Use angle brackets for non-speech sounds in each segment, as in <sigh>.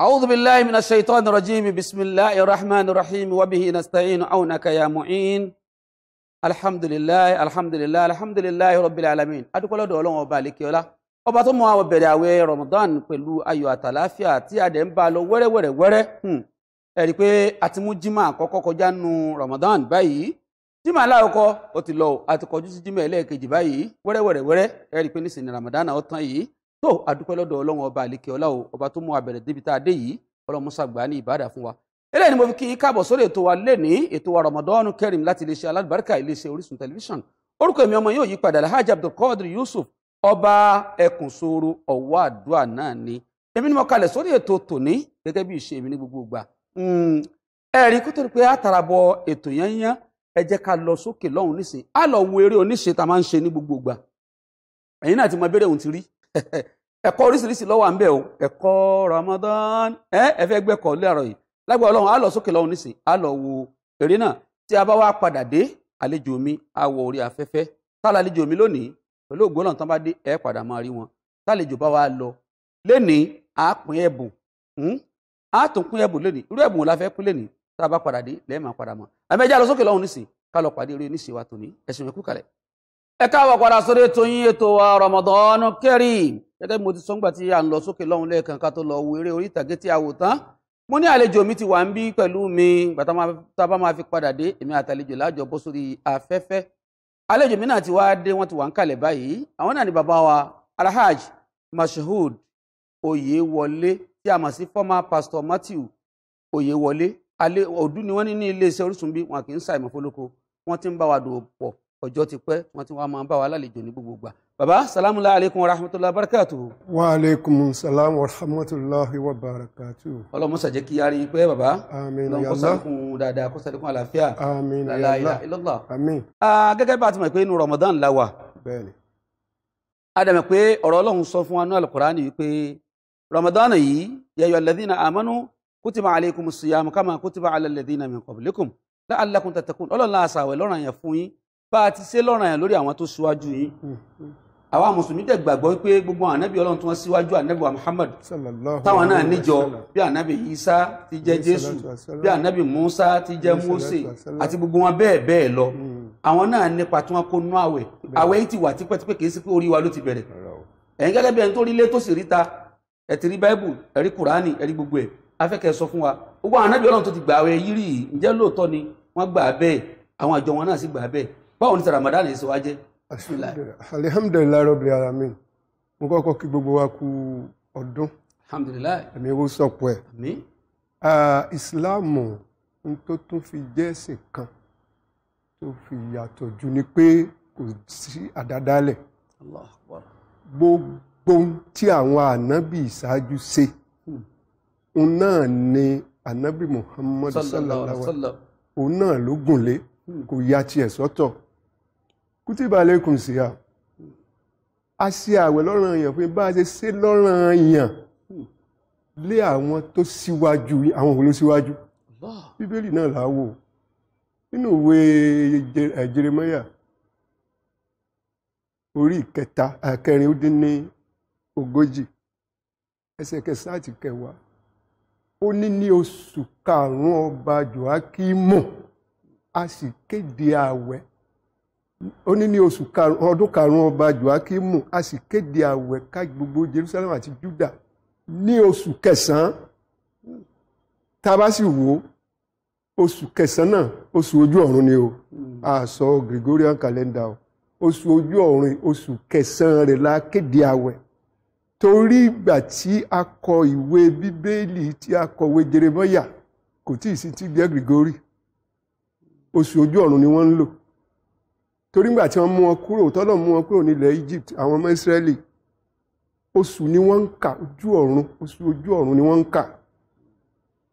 أعوذ بالله من الشيطان الرجيم بسم الله الرحمن الرحيم وبه نستعين عونك يا معين الحمد لله الحمد لله الحمد لله رب العالمين أدوكو لدو أولو وبالكي ولا ọba tó mọ àwọn bẹ̀rẹ̀ àwẹ̀ Ramadan pẹ̀lú ayọ̀ àtàláfíà tí a dẹ̀ ń bá lọ wẹ́rẹ́wẹ́rẹ́wẹ́rẹ́ hmm. ẹ rí i pé a ti mú jimá àkọ́kọ́ kọjá nu Ramadan báyìí jimá aláwọ̀kọ́ ó ti lọ àti kọjú sí jimá ẹlẹ́ẹ̀kejì báyìí wẹ́rẹ́wẹ́rẹ́wẹ́rẹ́ ẹ rí i pé nísìnyí Ramadan ó tán yìí tó àdúpẹ́ lọ́dọ̀ ọlọ́run ọba àlekè ọlá o ọba tó mú abẹ̀rẹ̀ débi tá a dé yìí ọlọ́run musa gbà ní ìbádà fún wa eléyìí ni mo fi kí i káàbọ̀ sórí ètò wa lénìí ètò wa Ramadan Kareem láti iléeṣẹ́ alábàárìkà iléeṣẹ́ Orísun tẹlifíṣàn orúkọ èmi ọmọ yóò yí padà Alhaji Abdulkadir Yusuf ọba ẹkùn soro ọwọ́ àdúrà náà ni èmi ni mo kalẹ̀ sórí ètò tòní gẹ́gẹ́ bí ìṣe mi ní gbogbo ìgbà hmm, ẹ̀rí kó tó di pé àtàràbọ̀ ètò yẹn yẹn ní gbogbo ìgbà ẹ̀yin náà ti mọ abẹ́rẹ́ òun ti rí <laughs> ẹ̀kọ́ oríṣiríṣi ló wà ń bẹ̀ o ẹ̀kọ́ Ramadan ẹ ẹ fẹ́ gbẹ́kọ̀ lẹ́rọ yìí lágbà ọlọ́run á lọ sókè lọ́run nísìn á lọ wo eré náà tí a bá wá padà dé àlejò mi á wọ orí afẹ́fẹ́ tálà àlejò mi lónìí pẹ̀lú ògbó náà tán bá dé ẹ padà máa rí wọn tálejò bá wá lọ lénìí á pín ẹ̀bùn á hmm? tún pín ẹ̀bùn lénìí irú ẹ̀bùn la fẹ́ pín lénìí tá a bá padà dé lẹ́ẹ̀ máa padà mọ́ àmẹ́jà lọ sókè lọ́run nísìn ká lọ pàdé eré nísìn wa tòní ẹ̀sìn ẹ̀kú kalẹ̀ ẹ káàbọ̀ padà sórí ètò yín ètò wa Ramadan Kareem gẹ́gẹ́ bí mo ti sọ nígbà tí à ń lọ sókè lọ́hùn lẹ́ẹ̀kan ká tó lọ wo eré orí ìtàgé tí a wò tán mo ní àlejò mi ti wà ń bí pẹ̀lú mi ìgbà tá a bá máa fi padà dé èmi àtàlejò láàjọ bó sórí afẹ́fẹ́ àlejò mi náà ti wá dé wọ́n ti wà ń kalẹ̀ báyìí àwọn náà ni bàbá wa Alhaj Mashood Oyewole tí a mọ̀ sí former pastor Matthew Oyewole ọdún ni wọ́n ní ní iléeṣẹ́ Orísun bí wọn kì í ṣàìmọ̀ fólókó wọ́n ti ń bá wa dòwò pọ̀ ọjọ́ ti pẹ́ wọ́n ti wá máa bá wa lálejò ní gbogbo gbà. bàbá salamu alaykum wa rahmatulah barakatuhu. wa aleykum salam wa rahmatulahi wa barakatuhu. ọlọmọ sàjẹ kí a rí i pé bàbá. àmín yàrá lọ kọsàkùn dáadáa kọsàkùn àlàáfíà. àmín yàrá ilọlá. àmín. gẹ́gẹ́ bá a ti mọ̀ pé inú Ramadan la wà. bẹ́ẹ̀ni. a dẹ̀ mọ̀ pé ọ̀rọ̀ Ọlọ́run sọ fún wa ní alukur'an yìí pé Ramadan yìí yayọ alladhina amanu kutiba alaykum siyam kama kutiba ala alladhina min qablikum bá a ti ṣe lọ́ràn yẹn lórí àwọn tó ṣíwájú yìí hmm, hmm. àwa mùsùlùmí tẹ̀ gbàgbọ́ pé gbogbo ànábì ọlọ́run tí wọ́n síwájú ànábì muhammad táwọn náà níjọ bí ànábì isa ti jẹ́ jésù bí ànábì musa ti jẹ́ mose àti gbogbo wọn bẹ́ẹ̀ bẹ́ẹ̀ lọ hmm. àwọn náà nípa tí wọ́n kó nú àwẹ̀ àwẹ̀ yìí ti wà tipẹ́tipẹ́ kì í sí pé orí wa ló ti bẹ̀rẹ̀ ẹ̀yin gẹ́gẹ́ bí ẹni tó rí ilé tó sì ríta ẹ ti rí báíbù ẹ rí kùránì ẹ rí gbogbo ẹ̀ afẹ́kẹ́ sọ fún wa gbogbo àwọn ànábì ọlọ́run tó ti gbà àwẹ̀ yìí rí ǹjẹ́ lóòótọ́ ni wọ́n gbà bẹ́ẹ̀ àwọn àjọ wọn náà sì gbà bẹ́ẹ̀ báwo ni Ramadan yìí ṣe wá jẹ́. alihamdulilayi rabi alamin mo kọ́kọ́ kí gbogbo wa kú ọdún ẹ̀mí ewu sọ̀pọ̀ ẹ̀ ìsìláàmù n tó tún fi jẹ́ ẹ̀sìn kan tó fi yàtọ̀ jù ni pé kò sí àdádálẹ̀ gbogbo tí àwọn ànábì ìṣáájú ṣe hmm. òun náà ni ànábì Muhammad sallallahu alaihi wa sallam òun náà ló gùn lé hmm. kò ya tiẹ̀ sọ́tọ̀ kútìbà lẹ́kùn sí à a ṣe àwẹ̀ lọ́ràn èèyàn fún bá a ṣe ṣe lọ́ràn èèyàn lé àwọn tó síwájú àwọn òun ló síwájú bíbélì náà là á wò nínú ìwé eh, Jeremáyà orí ìkẹta àkẹrin ó dín ní ogójì ẹsẹ̀ kẹsàn àti kẹwàá ó ní ní oṣù karùn ọba Jòákímù a sì kéde ààwẹ̀ ó ní ní oṣù ọdún karùn-ún ọba joakimu a sì kéde àwẹ̀ ká gbogbo jerusalem àti juda ní oṣù kẹsàn-án tá a bá sì wò ó oṣù kẹsàn-án náà oṣù ojú ọ̀run ni o hmm. a sọ gregorian calendar o oṣù ojú ọ̀run oṣù kẹsàn-án rẹ̀ la kéde àwẹ̀ torí ìgbà tí a kọ ìwé bíbélì tí a kọ̀wé jeremaya kò tí ì sí ti jẹ́ grigori oṣù ojú ọ̀run ni wọ́n ń lò torí ńgbà tí wọ́n mú wọn kúrò tọ́lọ̀ mú wọn kúrò nílẹ̀ Egypt àwọn ọmọ Israẹli oṣù ni wọ́n ń kà ojú ọ̀run oṣù ojú ọ̀run ni wọ́n ń kà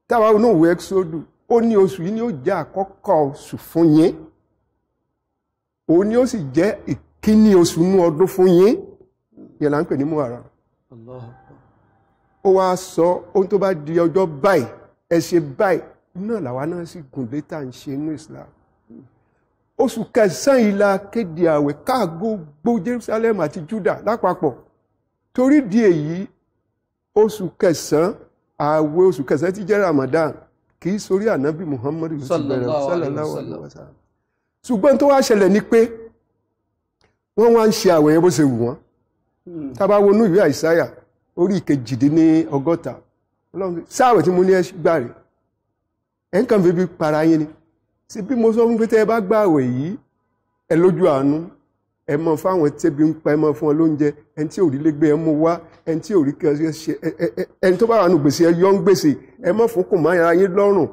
táwa náà wo exodus ó ní oṣù yìí ni ó jẹ́ àkọ́kọ́ oṣù fún yín òun ni ó sì jẹ́ ìkíní oṣù nú ọdún fún yín yẹn là ń pè ní muhara ó wáá sọ ohun tó bá di ọjọ́ báyìí ẹ ṣe báyìí náà làwa náà sì gùn létà ń ṣe inú Islam oṣù kẹsàn-án yìí la kéde ààwẹ̀ ká gbogbo Jerusalem àti Juda lápapọ̀ torí di èyí oṣù kẹsàn-án ààwẹ̀ oṣù kẹsàn-án ti jẹ́ Ramadan kì í sórí ànábì Muhammadu sallallahu alaihi wasallam ṣùgbọ́n tó wá ṣẹlẹ̀ ni pé wọ́n wá ń ṣe ààwẹ̀ yẹn bó ṣe wù wọ́n hmm. tá bá wọnú ìwé àìsáyà orí ìkejìdínlọ́gọ́ta sáàwẹ̀ tí mo ní ẹ gbà rè ẹ̀ ń kàn fi bí para yín ni ṣe bí mo sọ fún pé tẹ́ ẹ bá gbààwẹ̀ yìí ẹ lójú àánú ẹ mọ fáwọn tẹ́bi ń pa ẹ mọ fún ọ lóúnjẹ ẹni tí òrí lé gbé ẹ mú wá ẹni tí òrí kẹ ṣe ẹni tó bá wà gbèsè ẹ yọ ń gbèsè ẹ mọ fún kùn máyà yín lọ́rùn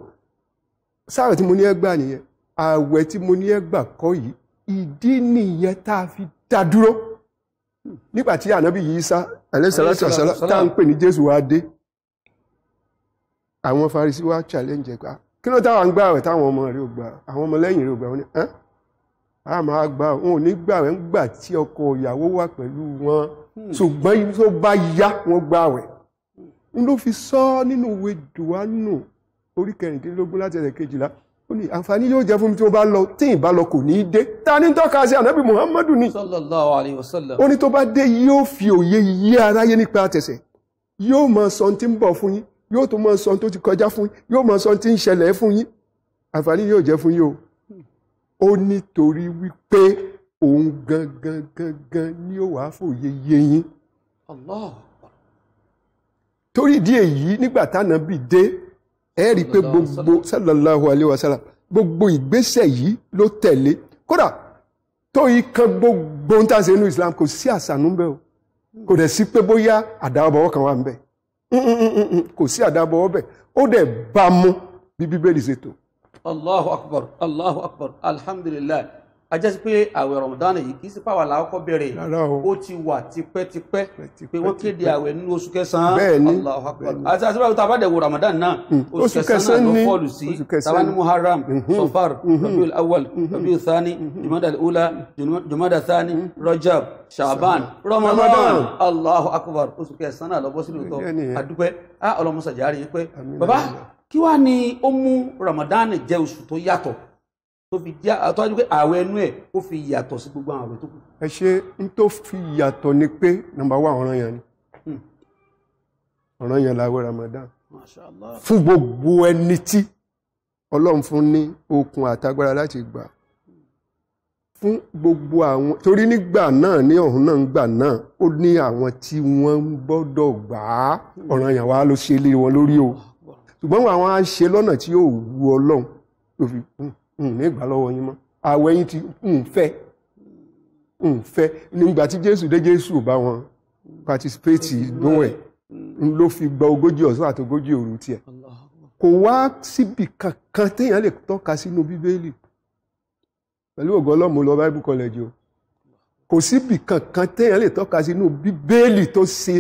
sáà tí mo ní ẹ gbà nìyẹn ààwẹ̀ tí mo ní ẹ gbà kọ́ yìí ìdí nìyẹn tá a fi dá dúró nígbà tí ànábì yìí sá àlẹ́sàlátàsálà tá à ń pè ní Jésù wa dé àwọn Farisí wa challenge ẹ̀ kí ló táwọn ń gbààwẹ̀ táwọn ọmọ rẹ̀ ò gbà àwọn ọmọlẹ́yìn rẹ̀ ò gbà wọ́n ní ẹ́n a máa gbà wọn ò ní gbààwẹ̀ ń gbà tí ọkọ ìyàwó wà pẹ̀lú wọn hmm. ṣùgbọ́n ibi tó bá yá wọn gbààwẹ̀ n ló fi sọ nínú ìwé dùwánù orí kẹrìndínlógún láti ẹsẹ̀ kejìlá ó ní àǹfààní yóò jẹ́ fún mi tí mo bá lọ tí ì lọ kò ní í dé ta ni tọ́ka sí ànábì muhammadu ni sallallahu alaihi wasallam ó ní tó bá dé yóò fi òye yí aráyé nípa àtẹ̀sẹ̀ yóò máa sọ ohun tí ń bọ̀ fún yín yóò tún máa sọ tó ti kọjá fún yín yóò máa sọ tí ń ṣẹlẹ̀ fún yín àǹfààní yóò jẹ́ fún yín o ó nítorí wípé òun gangan gangan ni ó wàá fòye yé yín. Allah. torí ìdí èyí nígbà táwọn bì dé ẹ rí i pé gbogbo sallallahu alayhi wa sallam gbogbo ìgbésẹ̀ yìí ló tẹ̀lé kódà tó yí kan gbogbo ń tà sí inú Islam kò sí àṣà nù bẹ́ẹ̀ o kò dẹ̀ sí pé bóyá àdáwọ̀ bọ̀wọ̀ kan wà ń bẹ́ẹ̀ kò sí àdábọ̀ ọbẹ̀ ó dẹ̀ bá mú bí bíbélì ṣètò. allahu akbar allahu akbar alhamdulilayi ajá sí pé àwẹ̀ rọ̀mùdánù yìí kì í sí pàwà làákọ́ bẹ̀rẹ̀ ó ti wà tipẹ́tipẹ́ pé wọ́n kéde àwẹ̀ nínú oṣù kẹsàn-án bẹ́ẹ̀ni àti àti báwo tàbá dẹ̀wò ramadan náà hmm. oṣù kẹsàn-án náà ló fọ́ọ̀lù sí tàbá ní muharram hmm. hmm. sofar rabiul awal rabiul thani jumada ula jumada thani rajab shaban ramadan allahu akbar oṣù kẹsàn-án náà lọ́bọ́ sílùú tó àdúpẹ́ á ọlọ́mọṣàjáre yìí pé bàbá kí wàá ni ó mú ramadan jẹ́ oṣù tó yàtọ̀ tó fi já àtọ́jú pé àwẹ̀ ẹnu ẹ̀ ó fi yàtọ̀ sí gbogbo àwọn àwẹ̀ tó kù. ẹ ṣe n tó fi yàtọ̀ ni pé nàmbà wà ọ̀ràn yẹn ni hmm. ọ̀ràn yẹn làwẹ̀ Ramadan fún gbogbo ẹni tí Ọlọ́run fún ní okun àtagbára láti gbà fún gbogbo àwọn torí nígbà náà ní ọ̀hún náà gbà náà ó ní àwọn tí wọ́n gbọ́dọ̀ gbà á ọ̀ràn yẹn wá ló ṣe lé wọn lórí o ṣùgbọ́n àwọn á lọ́nà tí yóò wu Ọlọ́run tó fi kún un ní ìgbà lọ́wọ́ yín mọ́ àwẹ̀ yín ti ń fẹ́ ń fẹ́ nígbà tí jésù dé jésù bá wọn participate dún ẹ̀ ló fi gba ogójì ọ̀sán àti ogójì òru tiẹ̀ kò wá síbi kankan téèyàn lè tọ́ka sínú bíbélì pẹ̀lú ògo ọlọ́mọ lọ bible college o kò síbi kankan téèyàn lè tọ́ka sínú bíbélì tó ṣe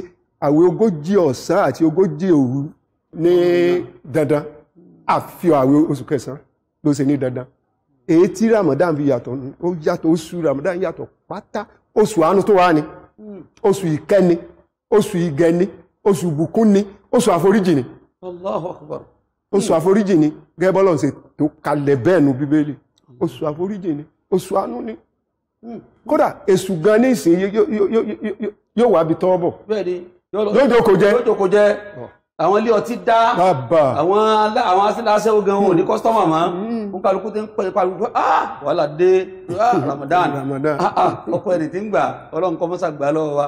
àwẹ̀ ogójì ọ̀sán àti ogójì òru ní dandan àfi àwẹ̀ oṣù kẹsàn-án ló ṣe ní dandan èyí tí Ramadan fi yàtọ̀ ó yàtọ̀ oṣù Ramadan yàtọ̀ pátá oṣù àánú tó wà ní oṣù oṣù oṣù oṣù àforíjì ni oṣù àforíjì nu bíbélì oṣù àforíjì ni oṣù àánú ni kódà èṣù gan ní ìsìn yóò wá àwọn ilé ọtí dá àwọn àwọn aṣẹ́wó gan wọn ò ní kọ́sítọ́mà hmm. mọ́ wọn hmm. kálukú ti ń pẹ́ kálukú ah wàhálà dé ah, <laughs> Ramadan ah, ah ọkọ ẹni tí ń gbà ọlọ́run kọ́ mọ́sá gbà lọ́wọ́ wa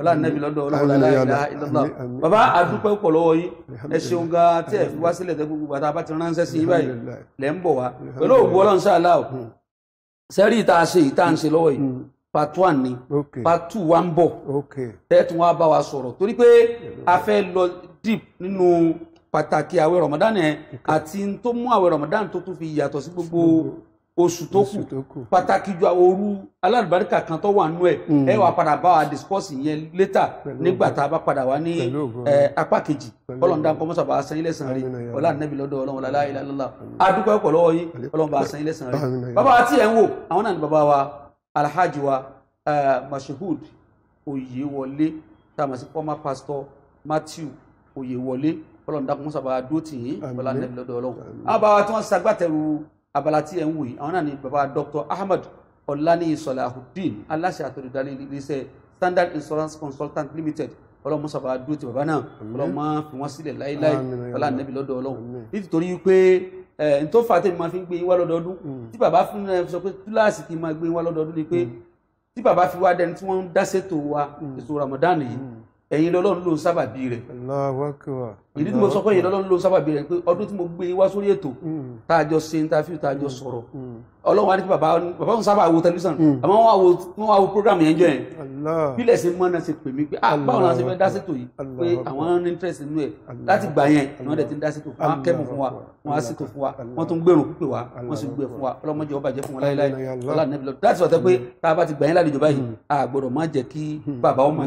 ọlọ́run nẹ́bi lọ́dọ̀ ọlọ́run láìláà ìlọ́lọ́ bàbá àdúpẹ́ pọ̀ lọ́wọ́ yìí ẹ ṣeun ga tí ẹ fi wá sílẹ̀ tẹ́ gbogbo bàtà bá ti ránṣẹ́ sí i báyìí lẹ́ ń bọ̀ wá pẹ̀lú òògùn ọlọ́run ṣáà láò sẹ́rí hmm. ìta ṣe ìta ń ṣe lọ́wọ́ yìí part one ni okay. part two wa ń bọ̀ okay. tẹ́tù wa bá wa sọ̀rọ̀ torí pé a fẹ́ lọ deep nínú pàtàkì àwẹ̀ Ramadan yẹn àti tó mú àwẹ̀ Ramadan tó tún fi yàtọ̀ sí gbogbo oṣù tó kù pàtàkì ju òru alálùbáríkà kan tó wà nú ẹ̀ hmm. ẹ wà padà bá wa discuss yẹn later nígbà tá a bá padà wá ní apá kejì ọlọ́ọ̀dá nǹkan mọ́sà bá a san yín lẹ́sàn-án rí ọlá nẹ́bí lọ́dọ̀ ọlọ́run ọlá ilá lọ́lá adúpẹ́ pọ̀ ọlọ́run bá wa alhaji wa eh, mashahud oyewọlé táwọn sí former pastor matthew oyewọlé ọlọ́run dákun sábà dúró tì yín bọ́lá nẹ́bí lọ́dọ̀ ọlọ́run àbáwá tí wọ́n ṣagbátẹrù abala tí ẹ̀ ń wòye àwọn náà ni baba dr ahmed ọ̀lànìyí sọ̀làhùdín aláṣẹ àtòlùdarí iléeṣẹ́ standard insurance consultant limited ọlọ́run sábà dúró tì baba náà ọlọ́run máa fi wọ́n sílẹ̀ láéláé bọ́lá nẹ́bí lọ́dọ̀ ọlọ́run nítorí pé n tó fà tèmi máa fi ń gbé yín wá lọ́dọọdún hmm. tí bàbá fún ẹ sọ pé kíláàsì kì í máa gbé yín wá lọ́dọọdún ni pé hmm. tí bàbá fi wá dẹni tí wọ́n ń dá ṣètò wa hmm. ètò Ramadan yìí ẹ̀yin lọ́lọ́run ló ń sábàbí rẹ̀. Allahu Akbar ìdí tí mo sọ pé yìí lọ́lọ́run ló sábàbí rẹ̀ pé ọdún tí mo gbé wá sórí ètò hmm. tá a jọ ṣe interview tá a jọ hmm. sọ̀rọ̀ hmm. ọlọ́run wa ní bàbá bàbá òun sábà wo tẹlifíṣàn àmọ́ wọn wo wọn wo program yẹn jọ yẹn bílẹ̀ ṣe mọ́ náà ṣe pé ah báwo la ṣe fẹ́ dá ṣètò yìí pé àwọn ní interest nínú ẹ̀ láti gbà yẹn wọn dẹ̀ ti ń dá ṣètò wọn á kẹ́mù fún wa wọn á ṣètò fún wa wọn tún gbèrò pípé wa wọn sì gbé fún wa ọlọ́mọdé ọba jẹ́ fún wọn láéláé ọlá nẹ́bí lọ́dún láti sọ̀tẹ́ pé tá a bá ti gbà yẹn lálejò báyìí a gbọ́dọ̀ má jẹ́ kí bàbá ọmọ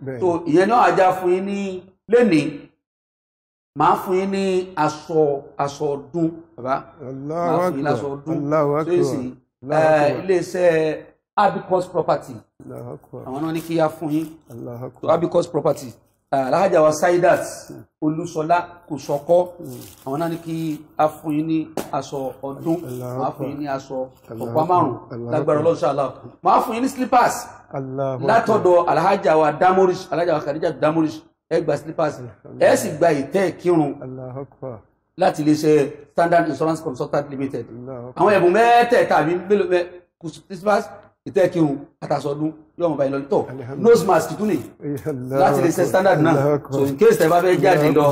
gbé ẹ lẹ́ni màá fún yín ní aṣọ aṣọ ọdún bàbá màá fún yín ní aṣọ ọdún tó yẹ sí iléeṣẹ́ abicus property àwọn náà ní kí á fún yín abicus property eh, alhaja wa saidat hmm. olúṣọlá kòsọkọ hmm. àwọn náà ní kí á fún yín ní aṣọ ọdún màá fún yín ní aṣọ ọ̀pá márùn-ún lágbára ọlọ́run ṣáàlá màá fún yín ní slippers látọ̀dọ̀ alhaja wa damorish alhaja wa kadija damorish ẹ gba slippers ẹ sì gba ìtẹ́ kírun láti iléeṣẹ́ standard insurance consultant limited àwọn ẹ̀bùn mẹ́tẹ̀ẹ̀ta àbí mélòó mẹ́ slippers ìtẹ́ kírun àtàsọdún yóò mọ̀ báyìí lọ tọ̀ nose mask tún lè láti iléeṣẹ́ standard náà so in case tẹ́ bá fẹ́ jáde lọ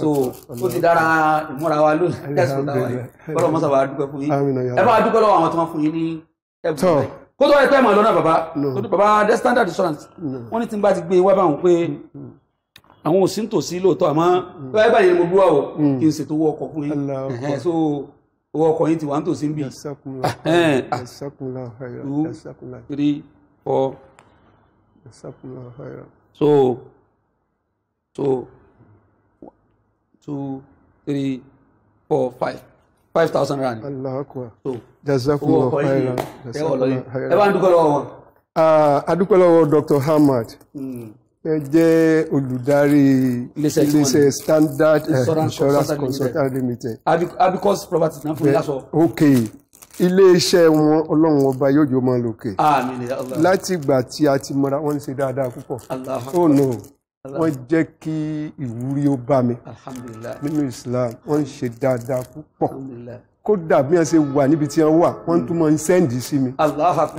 so ó ti dára ìmúra wa lónìí ẹ̀sùn dára yìí bọ́lá ọmọ sábà dúpẹ́ fún yín ẹ bá dúpẹ́ lọ́wọ́ àwọn tí wọ́n fún yín ní ẹ̀bùn báyìí kó tó wáyé pẹ́ mọ̀ lọ́nà bàbá bàbá the standard insurance wọ́n ní tí n bá ti gbé e wá báwọn pé mm, mm. àwọn ò sí ń tòsí lóòótọ́ àmọ́ mm. báyìí báyìí ni mo gbúwà o kí n ṣètò owó ọkọ̀ fún yín so owó ọkọ̀ yín ti wà ń tòsí ń bì. so so two three four five five thousand rand. Allahu akbar. jazakumullahu khairan. ẹ bá ń wa. lọ́wọ́ wọn. adúpẹ́ ah, lọ́wọ́ Dr. Hamad hmm. ẹ jẹ́ olùdarí iléeṣẹ́ Standard eh, Insurance Consultant Limited. abicos property na fún mi lásọ. ok iléeṣẹ́ wọn ọlọ́run ọba yóò jọ máa lòkè. àmín. láti ìgbà tí a ti mọra wọn ń ṣe dáadáa púpọ̀. Allahu akbar. oh no wọ́n jẹ́ kí ìwúrí ó bá mi nínú Islam wọ́n ń ṣe dáadáa púpọ̀ kódà bí wọ́n ṣe wà níbi tí wọ́n wà wọ́n tún máa ń sẹ́ǹdì sí mi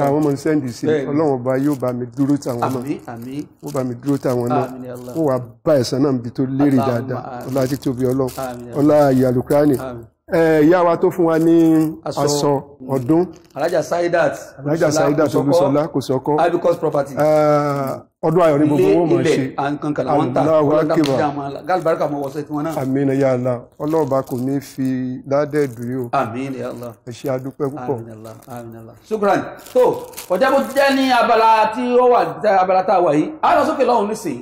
àwọn máa ń sẹ́ǹdì sí mi ọlọ́run ọba yóò bá mi dúró táwọn náà ó bá mi dúró táwọn náà ó wàá bá ẹ̀sán náà níbi tó lérè dáadáa ọlá tí tóbi ọlọ́run ọlá ìyàlùkúránì ìyá wa tó fún wa ní aṣọ hmm. ọdún. alájà saidat olùsọlá kò sọkọ abicos property. Ah, ọdún ayọ̀ ní gbogbo owó mọ̀ ṣe aláwọ̀ akíbà gálùbáríkà mọ̀ wọ́sẹ̀ tí wọ́n náà. àmín ya Allah ọlọ́ọ̀bá kò ní fi ládẹ́ dùn yóò. àmín ya Allah. ẹ ṣe adúpẹ́ púpọ̀. àmín Allah àmín Allah. sukran tó ọjà bó ti jẹ́ ní abala tí ó wà abala tá a wà yìí a lọ sókè lọ́hùn nísìnyí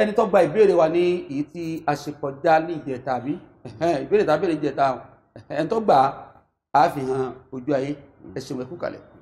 ẹni tó gba ìbéèrè wa ní èyí tí a ṣe kọjá ní ìjẹta àbí ìbéèrè tá a béèrè ìjẹta ẹni tó gbà á fi hàn ojú ayé ẹ ṣe wẹ̀kú kalẹ̀.